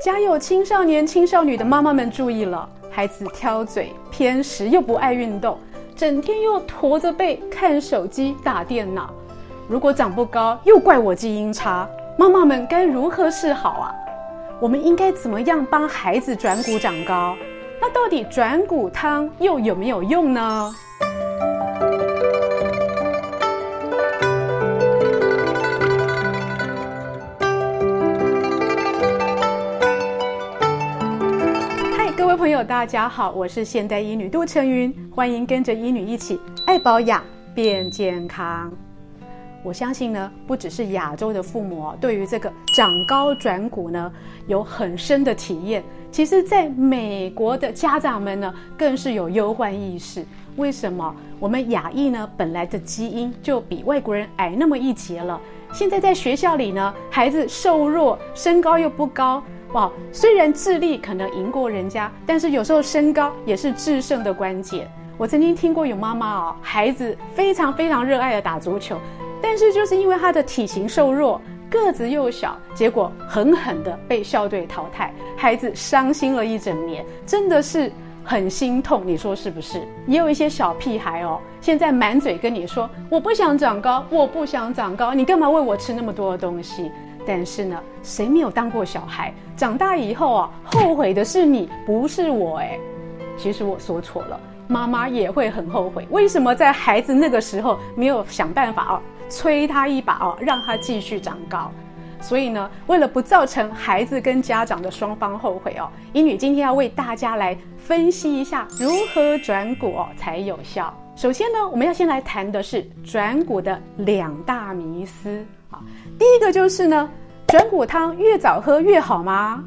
家有青少年、青少女的媽媽們注意了，孩子挑嘴、偏食又不愛運動，整天又駝着背看手機、打電腦，如果長不高又怪我基因差，媽媽們該如何是好啊？我們應該怎麼樣幫孩子轉骨長高？那到底轉骨湯又有沒有用呢？大家好，我是現代醫女杜成雲，歡迎跟着醫女一起愛保養變健康。我相信呢，不只是亞洲的父母對於這個長高轉骨呢有很深的體驗，其實，在美國的家長們呢更是有憂患意識。為什麼我們亞裔呢本來的基因就比外國人矮那麼一截了？現在在學校裡呢，孩子瘦弱，身高又不高。哇，雖然智力可能贏過人家，但是有時候身高也是制勝的關鍵。我曾經聽過有媽媽哦，孩子非常非常熱愛的打足球，但是就是因為他的體型瘦弱，個子又小，結果狠狠的被校隊淘汰，孩子傷心了一整年，真的是很心痛。你說是不是？也有一些小屁孩哦，現在滿嘴跟你說，我不想長高，我不想長高，你幹嘛餵我吃那麼多的東西？但是呢，誰沒有當過小孩？長大以後啊，後悔的是你，不是我哎、欸。其實我說錯了，媽媽也會很後悔。為什麼在孩子那個時候沒有想辦法啊、哦，催他一把哦，讓他繼續長高？所以呢，為了不造成孩子跟家長的雙方後悔哦，醫女今天要為大家來分析一下如何轉骨哦，才有效。首先呢，我們要先來談的是轉骨的兩大迷思。第一個就是呢，轉骨湯越早喝越好嗎？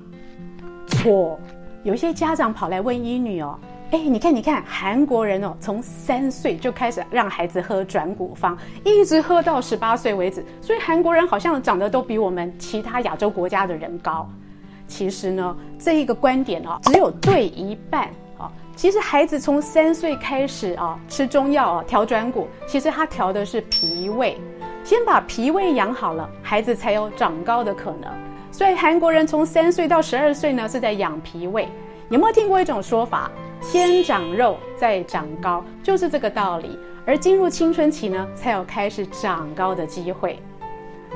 錯，有些家長跑來問醫女哦，哎，你看，你看韓國人哦，從三歲就開始讓孩子喝轉骨方，一直喝到十八歲為止，所以韓國人好像長得都比我們其他亞洲國家的人高。其實呢，這一個觀點哦，只有對一半哦。其實孩子從三歲開始啊、哦，吃中藥啊、哦，調轉骨，其實他調的是脾胃。先把脾胃養好了，孩子才有長高的可能。所以韓國人從三歲到十二歲呢，是在養脾胃。有沒有聽過一種說法，先長肉再長高，就是這個道理。而進入青春期呢，才有開始長高的機會。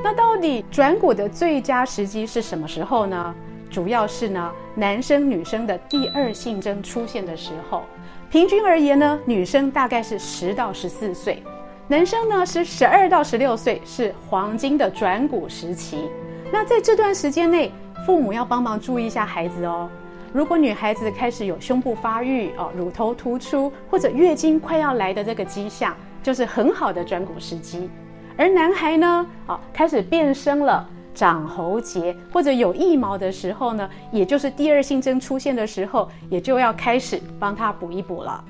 那到底轉骨的最佳時機是什麼時候呢？主要是呢，男生女生的第二性徵出現的時候。平均而言呢，女生大概是十到十四歲。男生呢是十二到十六歲，是黃金的轉骨時期，那在這段時間內，父母要幫忙注意一下孩子哦。如果女孩子開始有胸部發育哦，乳頭突出或者月經快要來的這個跡象，就是很好的轉骨時機。而男孩呢，啊開始變聲了長喉，長喉結或者有腋毛的時候呢，也就是第二性徵出現的時候，也就要開始幫他補一補了。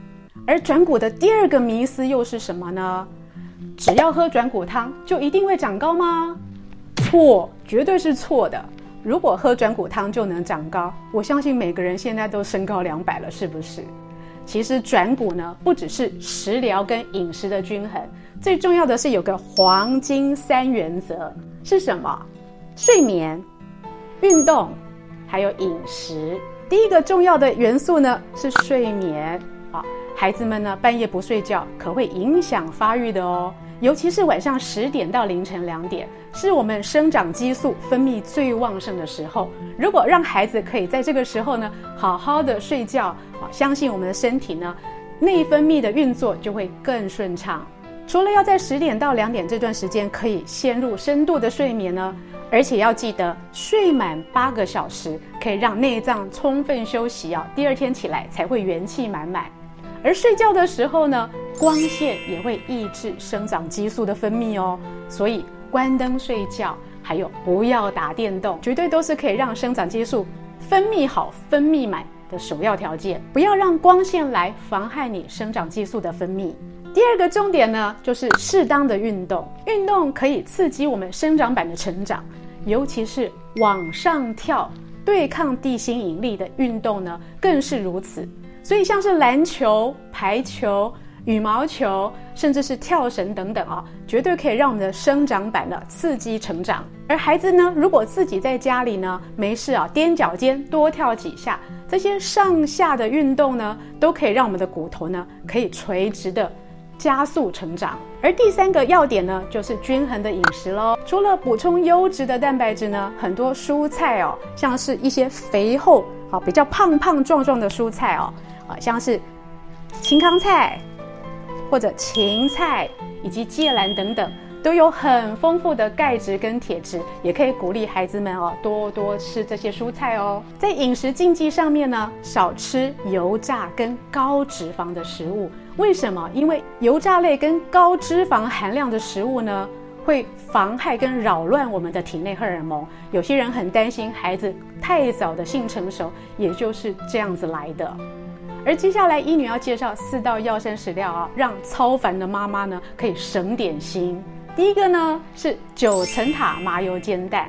而轉骨的第二個迷思又是什麼呢？只要喝轉骨湯，就一定會長高嗎？錯，絕對是錯的。如果喝轉骨湯就能長高，我相信每個人現在都身高兩百了，是不是？其實轉骨呢，不只是食療跟飲食的均衡，最重要的是有個黃金三原則是什麼？睡眠、運動，還有飲食。第一個重要的元素呢是睡眠。孩子們呢，半夜不睡覺可會影響發育的哦。尤其是晚上十點到凌晨兩點，是我們生長激素分泌最旺盛的時候。如果讓孩子可以在這個時候呢，好好的睡覺啊，相信我們的身體呢，內分泌的運作就會更順暢。除了要在十點到兩點這段時間可以陷入深度的睡眠呢，而且要記得睡滿八個小時，可以讓內臟充分休息啊，第二天起來才會元氣滿滿。而睡覺的時候呢，光線也會抑制生長激素的分泌哦。所以關燈睡覺，還有不要打電動，絕對都是可以讓生長激素分泌好、分泌滿的首要條件。不要讓光線來妨害你生長激素的分泌。第二個重點呢，就是適當的運動。運動可以刺激我們生長板的成長，尤其是往上跳、對抗地心引力的運動呢，更是如此。所以像是籃球、排球、羽毛球，甚至是跳繩等等啊、哦，絕對可以讓我們的生長板呢刺激成長。而孩子呢，如果自己在家裡呢沒事啊、哦，踮腳尖多跳幾下，這些上下的運動呢，都可以讓我們的骨頭呢可以垂直的加速成長。而第三個要點呢，就是均衡的飲食嘍。除了補充優質的蛋白質呢，很多蔬菜哦，像是一些肥厚、哦、比較胖胖壯壯的蔬菜哦。像是青康菜或者芹菜以及芥蘭等等，都有很豐富的鈣質跟鐵質，也可以鼓勵孩子們哦多多吃這些蔬菜哦。在飲食禁忌上面呢，少吃油炸跟高脂肪的食物。為什麼？因為油炸類跟高脂肪含量的食物呢，會妨害跟擾亂我們的體內荷爾蒙。有些人很擔心孩子太早的性成熟，也就是這樣子來的。而接下來，醫女要介紹四道藥膳食料啊，讓超凡的媽媽呢可以省點心。第一個呢是九層塔麻油煎蛋，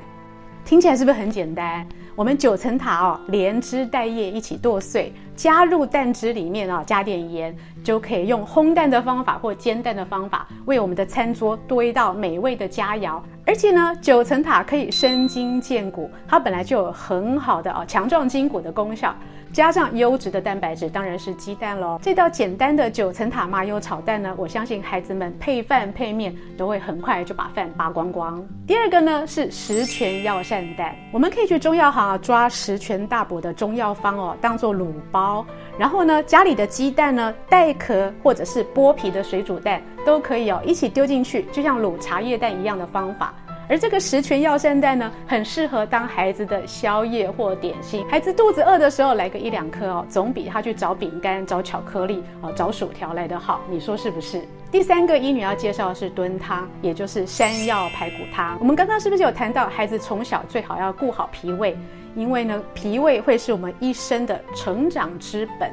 聽起來是不是很簡單？我們九層塔哦、啊，連枝帶葉一起剁碎，加入蛋汁裡面啊，加點鹽，就可以用烘蛋的方法或煎蛋的方法，為我們的餐桌多一道美味的佳餚。而且呢，九層塔可以生筋健骨，它本來就有很好的啊強壯筋骨的功效。加上優質的蛋白質，當然是雞蛋嘍。這道簡單的九層塔麻油炒蛋呢，我相信孩子們配飯配麵都會很快就把飯扒光光。第二個呢是十全藥膳蛋，我們可以去中藥行啊，抓十全大補的中藥方哦，當做滷包，然後呢家裡的雞蛋呢帶殼或者是剝皮的水煮蛋都可以哦，一起丟進去，就像滷茶葉蛋一樣的方法。而這個十全藥膳蛋呢，很適合當孩子的宵夜或點心。孩子肚子餓的時候來個一兩顆哦，總比他去找餅乾、找巧克力、啊、哦、找薯條來得好。你說是不是？第三個，醫女要介紹的是燉湯，也就是山藥排骨湯。我們剛剛是不是有談到，孩子從小最好要顧好脾胃，因為呢，脾胃會是我們一生的成長之本。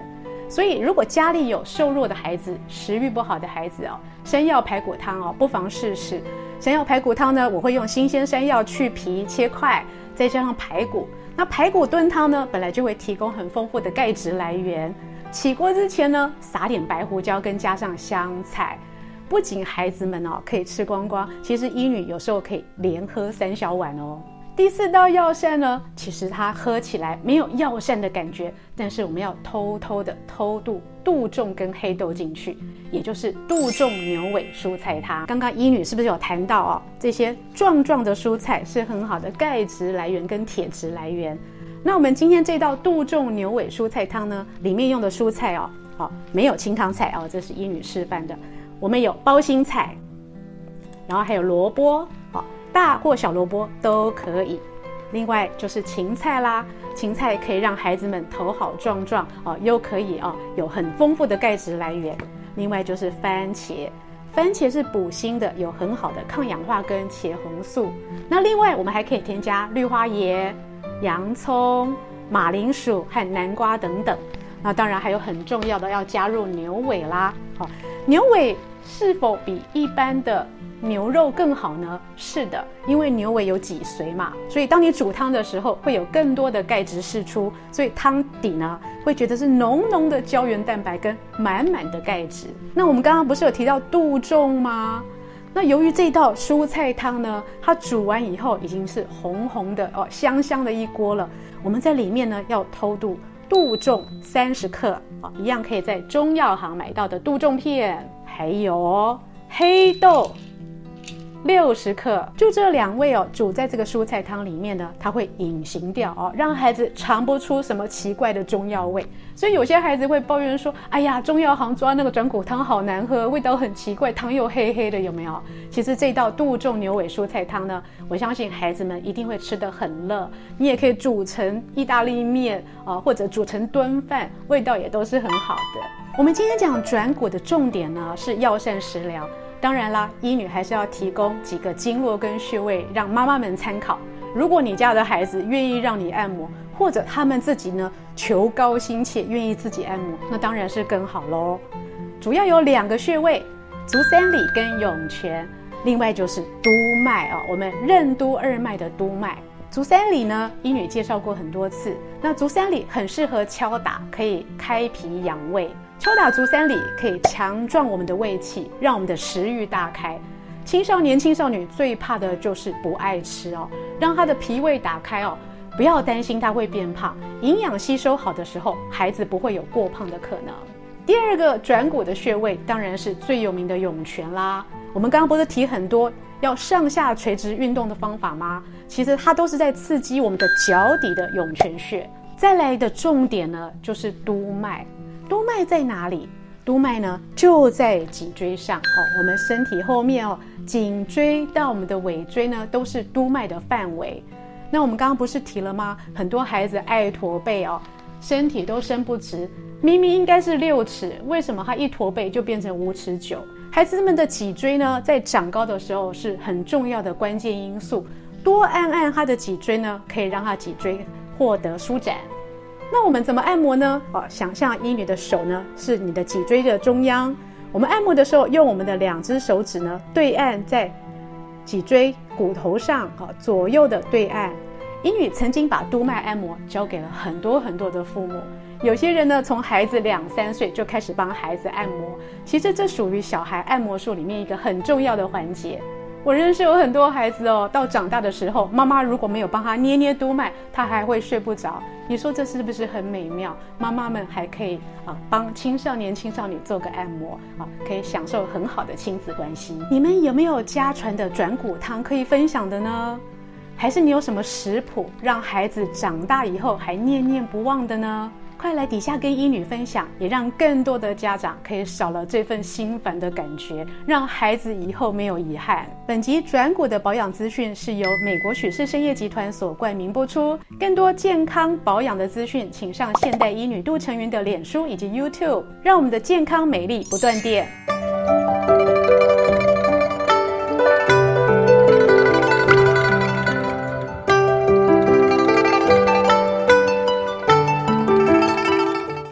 所以，如果家裡有瘦弱的孩子、食慾不好的孩子哦，山藥排骨湯哦，不妨試試。想要山藥排骨湯呢，我會用新鮮山藥去皮切塊，再加上排骨。那排骨燉湯呢，本來就會提供很豐富的鈣質來源。起鍋之前呢，撒點白胡椒跟加上香菜，不僅孩子們哦可以吃光光，其實醫女有時候可以連喝三小碗哦。第四道藥膳呢，其實它喝起來沒有藥膳的感覺，但是我們要偷偷的偷渡，杜仲跟黑豆進去，也就是杜仲牛尾蔬菜湯。剛剛醫女是不是有談到哦，這些壯壯的蔬菜是很好的鈣質來源跟鐵質來源？那我們今天這道杜仲牛尾蔬菜湯呢，裡面用的蔬菜哦，好、哦、沒有清湯菜哦，這是醫女示範的，我們有包心菜，然後還有蘿蔔。大或小蘿蔔都可以，另外就是芹菜啦，芹菜可以讓孩子們頭好壯壯哦，又可以哦，有很豐富的鈣質來源。另外就是番茄，番茄是補鋅的，有很好的抗氧化跟茄紅素。那另外我們還可以添加綠花椰、洋蔥、馬鈴薯和南瓜等等。那當然還有很重要的要加入牛尾啦，好，牛尾是否比一般的牛肉更好呢？是的，因為牛尾有脊髓，嘛，所以當你煮湯的時候，會有更多的鈣質釋出，所以湯底呢會覺得是濃濃的膠原蛋白跟滿滿的鈣質。那我們剛剛不是有提到杜仲嗎？那由於這道蔬菜湯呢，它煮完以後已經是紅紅的哦，香香的一鍋了。我們在裡面呢要偷渡杜仲三十克啊，哦，一樣可以在中藥行買到的杜仲片，還有黑豆。六十克，就這兩味哦，煮在這個蔬菜湯裡面呢，它會隱形掉哦，讓孩子嘗不出什麼奇怪的中藥味。所以有些孩子會抱怨說：“哎呀，中藥行抓那個轉骨湯好難喝，味道很奇怪，湯又黑黑的，有沒有？”其實這道杜仲牛尾蔬菜湯呢，我相信孩子們一定會吃得很樂。你也可以煮成意大利麵啊，或者煮成燉飯，味道也都是很好的。我們今天講轉骨的重點呢，是藥膳食療。當然啦，醫女還是要提供幾個經絡跟穴位，讓媽媽們參考。如果你家的孩子願意讓你按摩，或者他們自己呢，求高心切，願意自己按摩，那當然是更好嘍。主要有兩個穴位：足三里跟湧泉，另外就是督脈啊，我們任督二脈的督脈。足三里呢，醫女介紹過很多次。那足三里很適合敲打，可以開脾養胃。敲打足三里可以強壯我們的胃氣，讓我們的食慾大開。青少年、青少女最怕的就是不愛吃哦，讓他的脾胃打開哦，不要擔心他會變胖。營養吸收好的時候，孩子不會有過胖的可能。第二個轉骨的穴位，當然是最有名的湧泉啦。我們剛剛不是提很多，要上下垂直運動的方法嗎？其實它都是在刺激我們的腳底的湧泉穴。再來的重點呢，就是督脈。督脈在哪裡？督脈呢，就在脊椎上哦。我們身體後面哦，頸椎到我們的尾椎呢，都是督脈的範圍。那我們剛剛不是提了嗎？很多孩子愛駝背哦，身體都伸不直，明明應該是六尺，為什麼他一駝背就變成五尺九？孩子們的脊椎呢，在長高的時候是很重要的關鍵因素。多按按他的脊椎呢，可以讓他脊椎獲得舒展。那我們怎麼按摩呢？呃、想象醫女的手呢，是你的脊椎的中央。我們按摩的時候，用我們的兩只手指呢，對按在脊椎骨頭上，啊、呃，左右的對按。醫女曾經把督脈按摩教給了很多很多的父母，有些人呢從孩子兩三歲就開始幫孩子按摩，其實這屬於小孩按摩術裡面一個很重要的環節。我認識有很多孩子哦，到長大的時候，媽媽如果沒有幫他捏捏督脈，他還會睡不着。你說這是不是很美妙？媽媽們還可以啊幫青少年、青少女做個按摩啊，可以享受很好的親子關係。你們有沒有家傳的轉骨湯可以分享的呢？還是你有什麼食譜，讓孩子長大以後還念念不忘的呢？快來底下跟醫女分享，也讓更多的家長可以少了這份心煩的感覺，讓孩子以後沒有遺憾。本集轉骨的保養資訊是由美國許氏參業集團所冠名播出。更多健康保養的資訊，請上現代醫女杜成云的臉書以及 YouTube，讓我們的健康美麗不斷電。